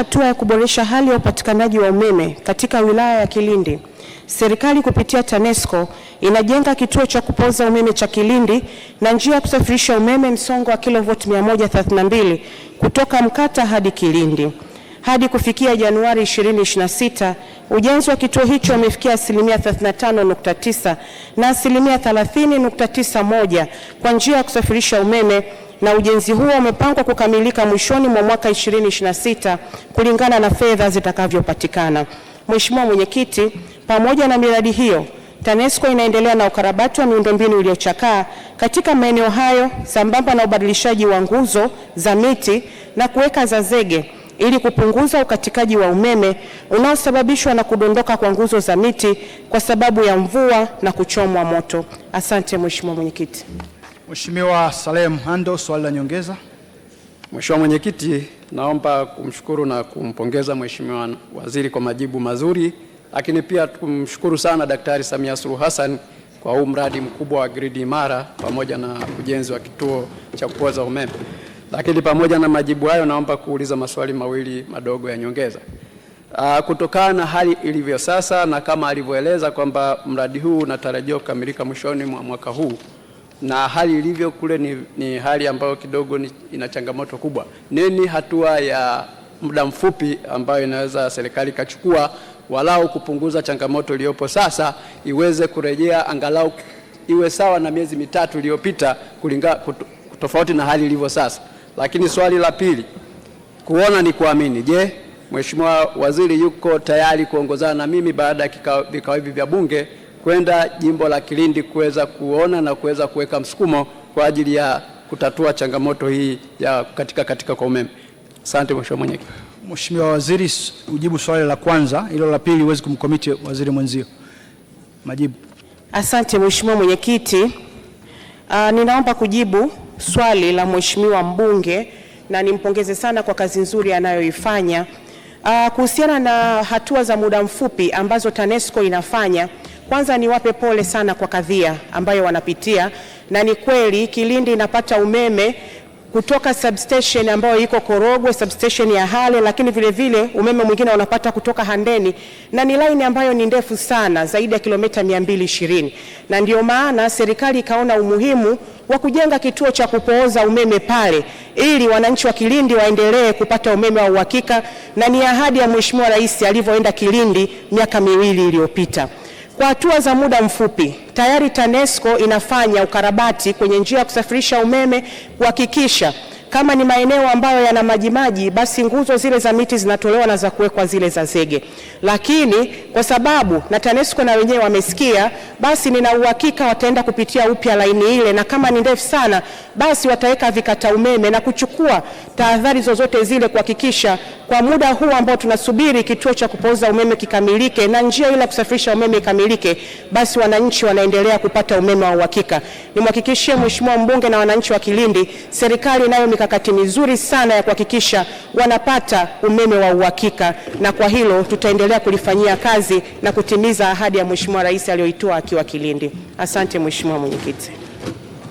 hatua ya kuboresha hali ya upatikanaji wa umeme katika wilaya ya Kilindi, serikali kupitia TANESCO inajenga kituo cha kupoza umeme cha Kilindi na njia ya kusafirisha umeme msongo wa kilovolt 132 kutoka Mkata hadi Kilindi. Hadi kufikia Januari 2026 ujenzi wa kituo hicho umefikia asilimia 35.9 na asilimia 30.91 kwa njia ya kusafirisha umeme na ujenzi huo umepangwa kukamilika mwishoni mwa mwaka 2026 kulingana na fedha zitakavyopatikana. Mheshimiwa Mwenyekiti, pamoja na miradi hiyo TANESCO inaendelea na ukarabati wa miundombinu iliyochakaa katika maeneo hayo sambamba na ubadilishaji wa nguzo za miti na kuweka za zege ili kupunguza ukatikaji wa umeme unaosababishwa na kudondoka kwa nguzo za miti kwa sababu ya mvua na kuchomwa moto. Asante Mheshimiwa Mwenyekiti. Mheshimiwa Salem Mhando, swali la nyongeza. Mheshimiwa Mwenyekiti, naomba kumshukuru na kumpongeza Mheshimiwa Waziri kwa majibu mazuri, lakini pia tumshukuru sana Daktari Samia Suluhu Hassan kwa huu mradi mkubwa wa gridi imara pamoja na ujenzi wa kituo cha kupoza umeme. Lakini pamoja na majibu hayo, naomba kuuliza maswali mawili madogo ya nyongeza. Ah, kutokana na hali ilivyo sasa na kama alivyoeleza kwamba mradi huu unatarajiwa kukamilika mwishoni mwa mwaka huu na hali ilivyo kule ni, ni hali ambayo kidogo ni, ina changamoto kubwa. Nini hatua ya muda mfupi ambayo inaweza serikali ikachukua walau kupunguza changamoto iliyopo sasa iweze kurejea angalau iwe sawa na miezi mitatu iliyopita kulinga tofauti na hali ilivyo sasa. Lakini swali la pili, kuona ni kuamini. Je, Mheshimiwa Waziri yuko tayari kuongozana na mimi baada ya vikao hivi vya Bunge kwenda jimbo la Kilindi kuweza kuona na kuweza kuweka msukumo kwa ajili ya kutatua changamoto hii ya katika katika kwa umeme. Asante Mheshimiwa Mwenyekiti. Mheshimiwa Waziri, ujibu swali la kwanza, hilo la pili huwezi kumkomiti waziri mwenzio. Majibu. Asante Mheshimiwa Mwenyekiti. Uh, ninaomba kujibu swali la Mheshimiwa mbunge na nimpongeze sana kwa kazi nzuri anayoifanya. Uh, kuhusiana na hatua za muda mfupi ambazo TANESCO inafanya kwanza niwape pole sana kwa kadhia ambayo wanapitia, na ni kweli Kilindi inapata umeme kutoka substation ambayo iko Korogwe, substation ya Hale, lakini vile vile umeme mwingine unapata kutoka Handeni, na ni laini ambayo ni ndefu sana, zaidi ya kilomita 220, na ndio maana serikali ikaona umuhimu wa kujenga kituo cha kupooza umeme pale ili wananchi wa Kilindi waendelee kupata umeme wa uhakika, na ni ahadi ya Mheshimiwa Rais alivyoenda Kilindi miaka miwili iliyopita. Kwa hatua za muda mfupi, tayari TANESCO inafanya ukarabati kwenye njia ya kusafirisha umeme kuhakikisha kama ni maeneo ambayo yana majimaji basi nguzo zile za miti zinatolewa na za kuwekwa zile za zege. Lakini kwa sababu na TANESCO na wenyewe wamesikia, basi nina uhakika wataenda kupitia upya laini ile, na kama ni ndefu sana, basi wataweka vikata umeme na kuchukua tahadhari zozote zile kuhakikisha kwa muda huu ambao tunasubiri kituo cha kupoza umeme kikamilike na njia ile ya kusafirisha umeme ikamilike, basi wananchi wanaendelea kupata umeme wa uhakika. Nimhakikishie Mheshimiwa mbunge na wananchi wa Kilindi, serikali inayo mikakati mizuri sana ya kuhakikisha wanapata umeme wa uhakika, na kwa hilo tutaendelea kulifanyia kazi na kutimiza ahadi ya Mheshimiwa Rais aliyoitoa akiwa Kilindi. Asante Mheshimiwa Mwenyekiti.